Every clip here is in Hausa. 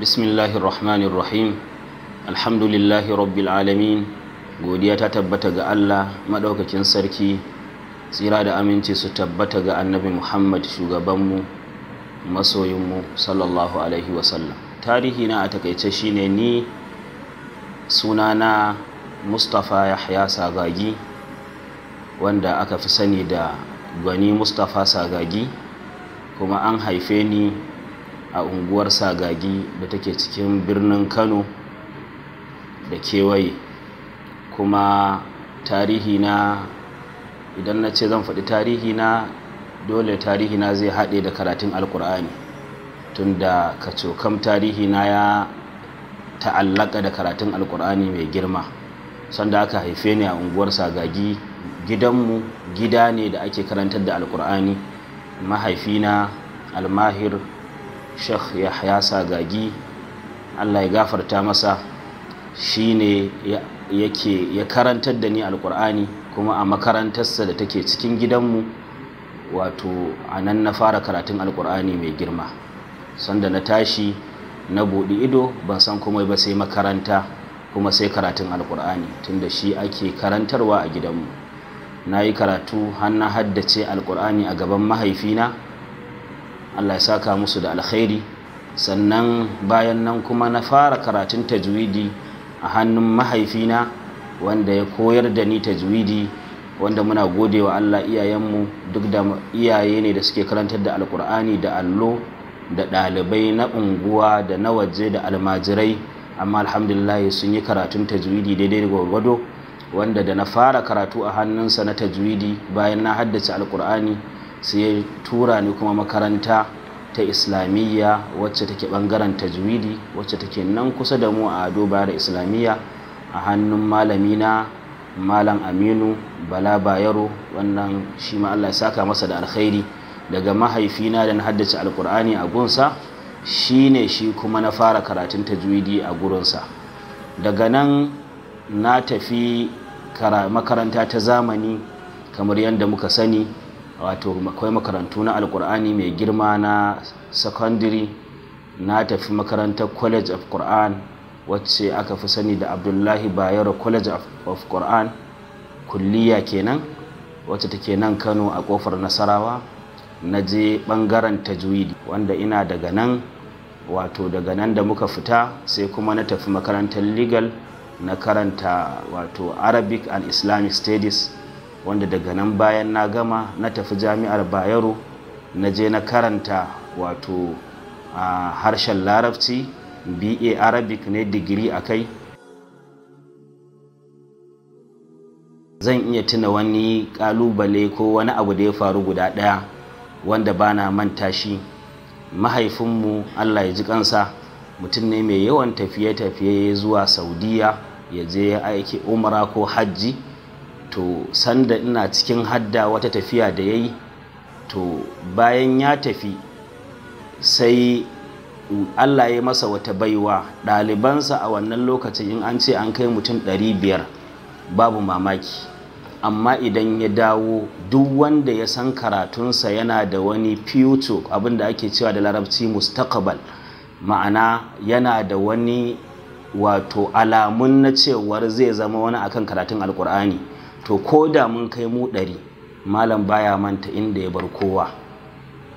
بسم الله الرحمن الرحيم godiya ta tabbata ga Allah madaukakin sarki tsira da aminci su tabbata ga annabi Muhammad shugabanmu masoyinmu sallallahu alaihi wasallam tarihi na a takaice shine ni sunana Mustapha Yahya Sagagi wanda aka fi sani da gwani Mustapha Sagagi kuma an haife ni a unguwar sagagi da take cikin birnin kano da kewaye kuma tarihi na idan na ce zan faɗi tarihi na dole tarihi na zai haɗe da karatun alkur'ani tunda kacokam tarihi na ya ta'allaka da karatun alkur'ani mai girma sanda aka haife ni a unguwar sagagi gidanmu gida ne da ake karantar da alkur'ani mahaifina almahir shekh yahya gagi, allah ya gafarta masa shine yake ya karantar da ni alkur'ani kuma a makarantarsa da take cikin gidanmu wato a nan na fara karatun alkur'ani mai girma sanda na tashi na buɗi ido ban san komai ba sai makaranta kuma sai karatun alkur'ani tunda shi ake karantarwa a gidanmu na yi karatu har na haddace alkur'ani a gaban mahaifina Allah ya saka musu da alkhairi sannan bayan nan kuma na fara karatun tajwidi a hannun mahaifina wanda ya koyar da ni tajwidi wanda muna gode wa Allah iyayenmu duk da iyaye ne da suke karantar da alkur'ani da allo da ɗalibai na unguwa da na waje da almajirai amma alhamdulillah sun yi karatun tajwidi daidai da gwargwado wanda da na fara karatu a hannunsa na tajwidi bayan na haddace alkur'ani sai ya tura ni kuma makaranta ta islamiyya wacce take bangaren tajwidi wacce take nan kusa da mu a ado da islamiyya a hannun malamina malam aminu bala bayero wannan shi ma allah ya saka masa da alkhairi daga mahaifina da na haddace alkur'ani a gunsa shi ne shi kuma na fara karatun tajwidi a gurinsa daga nan na tafi makaranta ta zamani kamar yadda muka sani wato akwai makarantu na alkur'ani mai girma na secondary na tafi makarantar college of quran wacce aka fi sani da abdullahi bayero college of quran kulliya kenan wacce take nan kano a kofar nasarawa na je bangaren tajwidi wanda ina daga nan wato daga nan da muka fita sai kuma na tafi makarantar legal na karanta wato arabic and islamic studies wanda daga nan bayan na gama na tafi jami'ar bayero na je na karanta wato a harshen larabci ba arabic ne digiri a kai zan iya tuna wani kalubale ko wani abu da ya faru guda ɗaya wanda ba na manta shi mahaifinmu allah ya ji kansa mutum ne mai yawan tafiye-tafiye zuwa saudiya ya je aiki umara ko hajji to sanda ina cikin hadda wata tafiya da ya yi to bayan ya tafi sai Allah ya masa wata baiwa ɗalibansa a wannan lokacin in an ce an kai mutum ɗari biyar babu mamaki amma idan ya dawo duk wanda ya san karatunsa yana da wani future abin da ake cewa da larabci mustaqbal ma'ana yana da wani wato alamun na cewar zai zama wani akan karatun alkur'ani to ko da mun kai mu ɗari malam baya manta inda ya bar kowa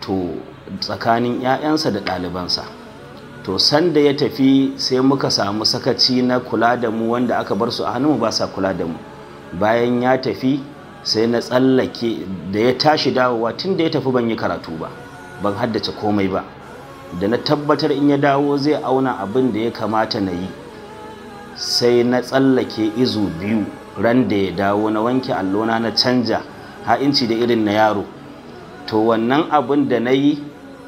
to tsakanin 'ya'yansa da ɗalibansa to sanda ya tafi sai muka samu sakaci na kula da mu wanda aka bar su a hannu ba sa kula da mu bayan ya tafi sai na tsallake da ya tashi dawowa tun da ya tafi ban yi karatu ba ban haddace komai ba da na tabbatar in ya dawo zai auna abin da ya kamata na yi sai na tsallake izu biyu ran da ya dawo na wanke allona na canja ha'inci da irin na yaro to wannan abun da na yi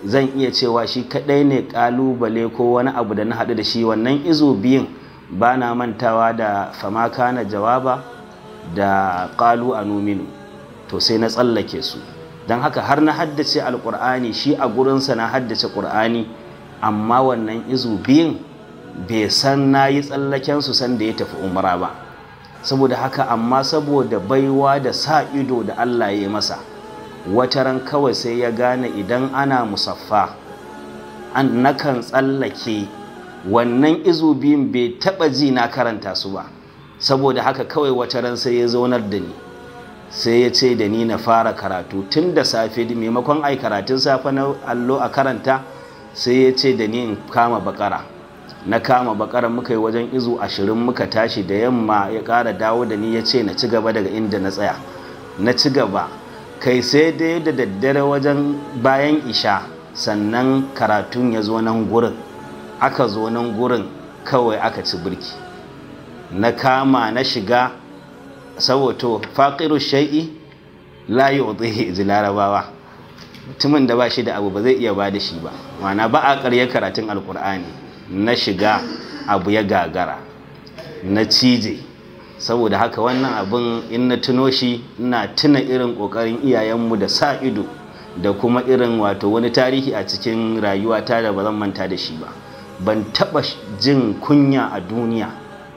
zan iya cewa shi kadai ne ƙalubale ko wani abu da na haɗu da shi wannan izo biyun ba na mantawa da famaka na jawaba da ƙalu a numinu to sai na tsallake su don haka har na haddace alƙur'ani shi a gurinsa na haddace ƙur'ani amma wannan izo biyun bai san na yi tsallaken su sanda ya tafi umra ba saboda haka amma saboda baiwa da sa ido da Allah ya yi masa wata ran kawai sai ya gane idan ana musaffa an nakan tsallake wannan izubin bai taɓa ji na karanta su ba saboda haka kawai wata ran sai ya zaunar da ni sai ya ce da ni na fara karatu tun da safe da maimakon ai karatun safe na allo a karanta sai ya ce da ni in kama bakara na kama bakaran muka yi wajen izu ashirin muka tashi da yamma ya ƙara dawo da ni ya ce na ci gaba daga inda na tsaya na ci gaba kai sai dai da daddare wajen bayan isha sannan karatun ya zo nan gurin aka zo nan gurin kawai aka ci birki na kama na shiga saboto faƙiru shai'i layi, yi ji larabawa mutumin da ba shi da abu ba zai iya ba da shi ba ma'ana ba a karya karatun alkur'ani na shiga abu ya gagara na cije saboda haka wannan abin in na tuno shi ina tuna irin ƙoƙarin iyayenmu da sa ido da kuma irin wato wani tarihi a cikin rayuwata da ba zan manta da shi ba ban taɓa jin kunya a duniya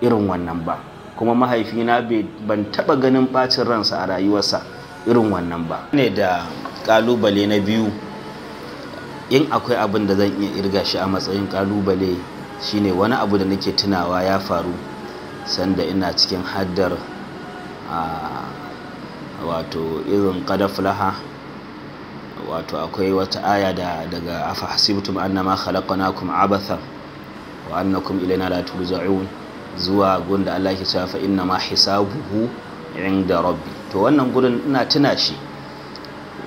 irin wannan ba kuma mahaifina ban taɓa ganin ɓacin ransa a rayuwarsa irin wannan ba ne da ƙalubale na biyu in akwai abin da zan iya irga shi a matsayin kalubale shine wani abu da nake tunawa ya faru sanda ina cikin haddar wato irin kadaflaha wato akwai wata aya da daga afa hasibtum annama khalaqnakum abatha wa annakum ilaina la turja'un zuwa gunda Allah ke cewa fa inna ma hisabuhu inda rabbi to wannan gurin ina tuna shi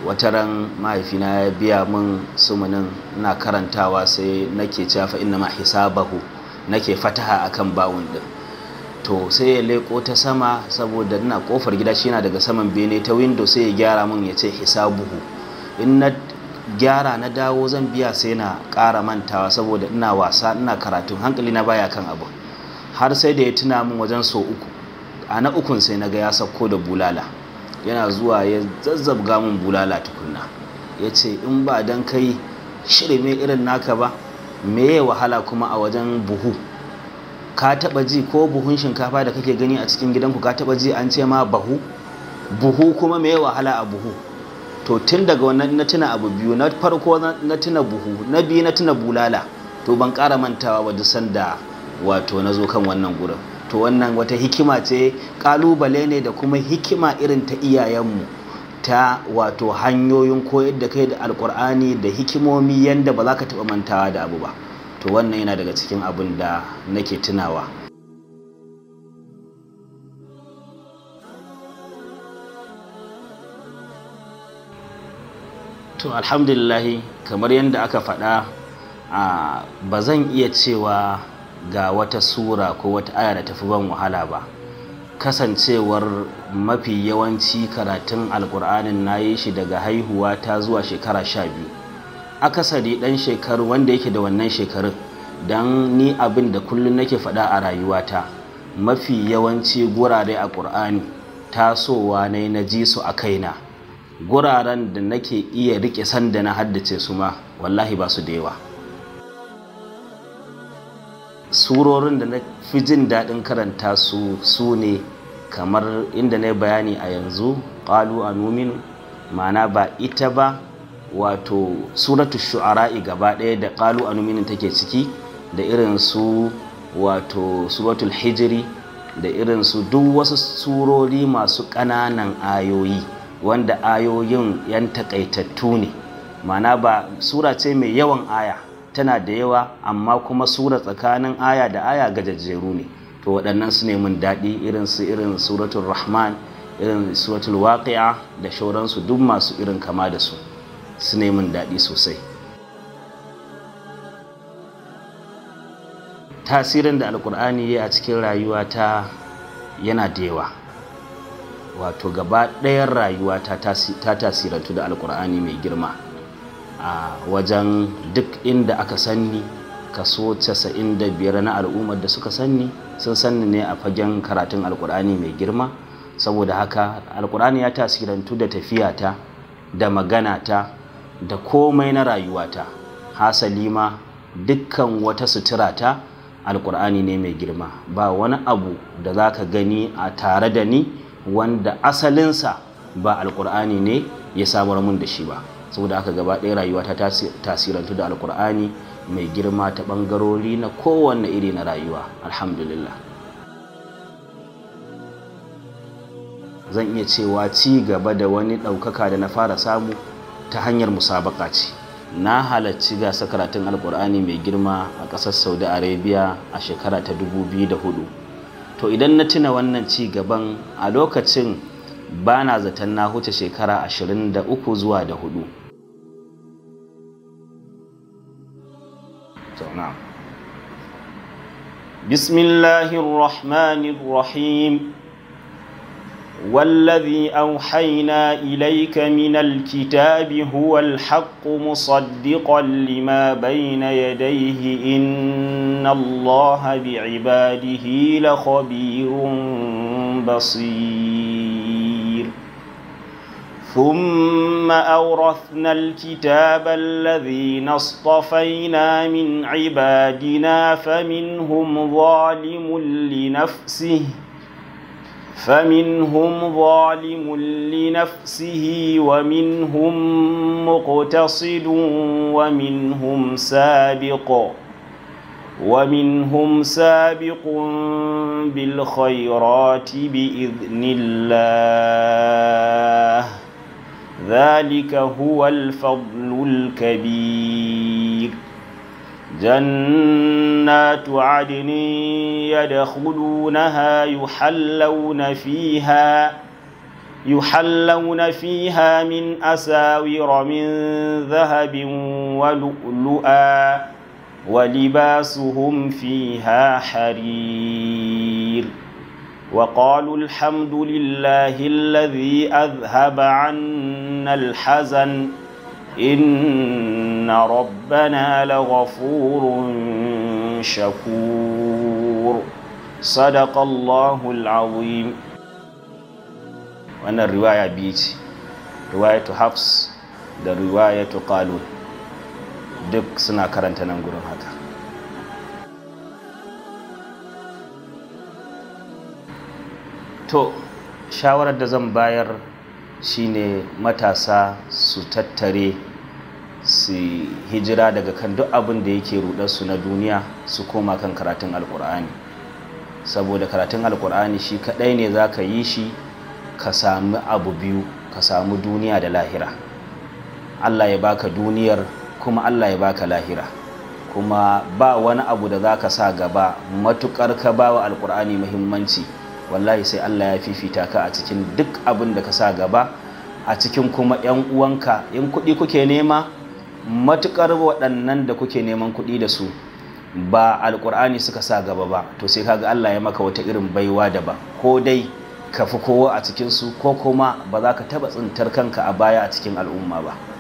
wata ran mahaifina ya biya mun sumunin na karantawa sai nake cafa inna ma hisabahu nake fataha akan bawun din to sai ya leko ta sama saboda ina kofar gida shi yana daga saman bene ta window sai ya gyara min ya ce hisabuhu in na gyara na dawo zan biya sai na ƙara mantawa saboda ina wasa ina karatu hankali na baya kan abu har sai da ya tuna min wajen so uku a na ukun sai na ga ya sauko da bulala yana zuwa ya zazzabga min bulala tukunna ya ce in ba don kai shirme irin naka ba me meye wahala kuma a wajen buhu ka taba ji ko buhun shinkafa da kake gani a cikin gidanku ka taba ji an ce ma bahu buhu kuma me ya wahala a buhu to tun daga wannan na tuna abu biyu na farko na tuna buhu na biyu na tuna bulala to ban ƙara mantawa ba sanda wato na zo kan wannan gurin to wannan wata hikima ce kalubale ne da kuma hikima irin ta iyayenmu ta wato hanyoyin koyar da kai da alkur'ani da hikimomi yadda ba za ka taɓa mantawa da abu ba to wannan yana daga cikin abin da nake tunawa to alhamdulillahi kamar yadda aka faɗa ba zan iya cewa ga wata sura ko wata aya da tafi ban wahala ba kasancewar mafi yawanci karatun alkur'anin na yi shi daga haihuwa ta zuwa shekara sha biyu akasari ɗan shekaru wanda yake da wannan shekarun don ni abin da kullum nake faɗa a rayuwata mafi yawanci gurare a ƙur'ani tasowa ne na ji su a kaina guraren da nake iya riƙe sanda na haddace su ma wallahi ba su da yawa surorin da na fi jin daɗin karanta su su ne kamar inda na bayani a yanzu ƙalu a numin ma'ana ba ita ba wato suratu shu'ara'i gaba ɗaya da ƙalu a numinin take ciki da irin su wato suratul hijiri da irin su duk wasu surori masu ƙananan ayoyi wanda ayoyin 'yan takaitattu ne ma'ana ba sura ce mai yawan aya tana da yawa amma kuma sura tsakanin aya da aya gajajeru ne to waɗannan su ne mun daɗi irin su irin suratul rahman irin suratul waqi'a da shauransu duk masu irin kama da su su ne mun daɗi sosai tasirin da alkur'ani ya a cikin rayuwata yana da yawa wato gaba ɗayan rayuwata ta tasirantu da alkur'ani mai girma a wajen duk inda aka sanni kaso 95 na al'ummar da suka sanni sun sanni ne a fagen karatun alkur'ani mai girma saboda haka alkur'ani ya tasirantu da tafiyata da magana ta, da komai na rayuwata hasali ma dukkan wata suturata alkur'ani ne mai girma ba wani abu da za ka gani a tare da ni wanda asalinsa ba alkur'ani ne ya samar mun da shi ba saboda aka gaba ɗaya rayuwa ta tasirantu da alkur'ani mai girma ta ɓangarori na kowane iri na rayuwa alhamdulillah zan iya cewa ci gaba da wani ɗaukaka da na fara samu ta hanyar musabaka ce na halarci gasa karatun alkur'ani mai girma a ƙasar saudi arabia a shekara ta 2004 to idan na tuna wannan ci gaban a lokacin ba na zaton na huce shekara 23 zuwa da hudu بسم الله الرحمن الرحيم والذي أوحينا إليك من الكتاب هو الحق مصدقا لما بين يديه إن الله بعباده لخبير بصير ثم أورثنا الكتاب الذين اصطفينا من عبادنا فمنهم ظالم لنفسه فمنهم ظالم لنفسه ومنهم مقتصد ومنهم سابق ومنهم سابق بالخيرات بإذن الله ذلك هو الفضل الكبير جنات عدن يدخلونها يحلون فيها يحلون فيها من أساور من ذهب ولؤلؤا ولباسهم فيها حرير وقالوا الحمد لله الذي أذهب عنا الحزن إن ربنا لغفور شكور صدق الله العظيم وأنا الرواية بيتي رواية حفص da riwaya ta duk suna karanta nan gurin haka to shawarar da zan bayar shine matasa su tattare su hijira daga kan duk abin da yake su na duniya su koma kan karatun alkur'ani saboda karatun alkur'ani shi kadai ne za ka yi shi ka sami abu biyu ka sami duniya da lahira allah ya baka duniyar kuma allah ya baka lahira kuma ba wani abu da za ka sa gaba matukar ka ba wa alkur'ani muhimmanci wallahi sai Allah ya fifita ka a cikin duk abin da ka sa gaba a cikin kuma 'yan uwanka in kuɗi kuke nema matuƙar waɗannan da kuke neman kuɗi da su ba alƙur'ani suka sa gaba ba to sai kaga Allah ya maka wata irin baiwa da ba ko dai ka fi kowa a cikinsu ko kuma ba za ka taɓa tsintar kanka a baya a cikin al'umma ba.